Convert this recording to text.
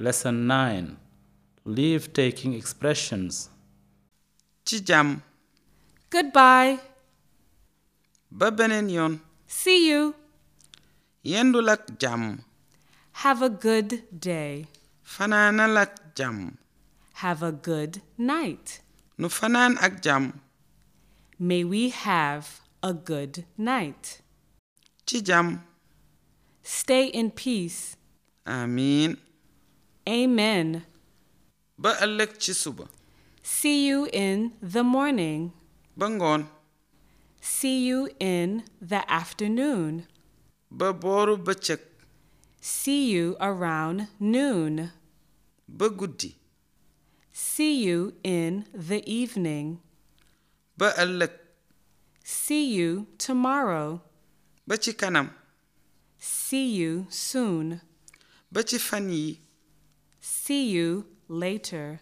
Lesson 9 Leave Taking Expressions. Ci jàmm. Goodbye. Ba beneen yoon. See you. Yendul ak jàmm. Have a good day. Fanaanal ak jàmm. Have a good night. Nu fanaan ak jàmm. May we have a good night. Ci jàmm. Stay in peace. Amen. Ba ëllëg ci suba. See you in the morning. Ba ngoon. See you in the afternoon. Ba booru bëccëg. See you around noon. Ba guddi. See you in the evening. Ba ëllëg. See you tomorrow. Ba ci kanam. See you soon. Ba ci fan See you later.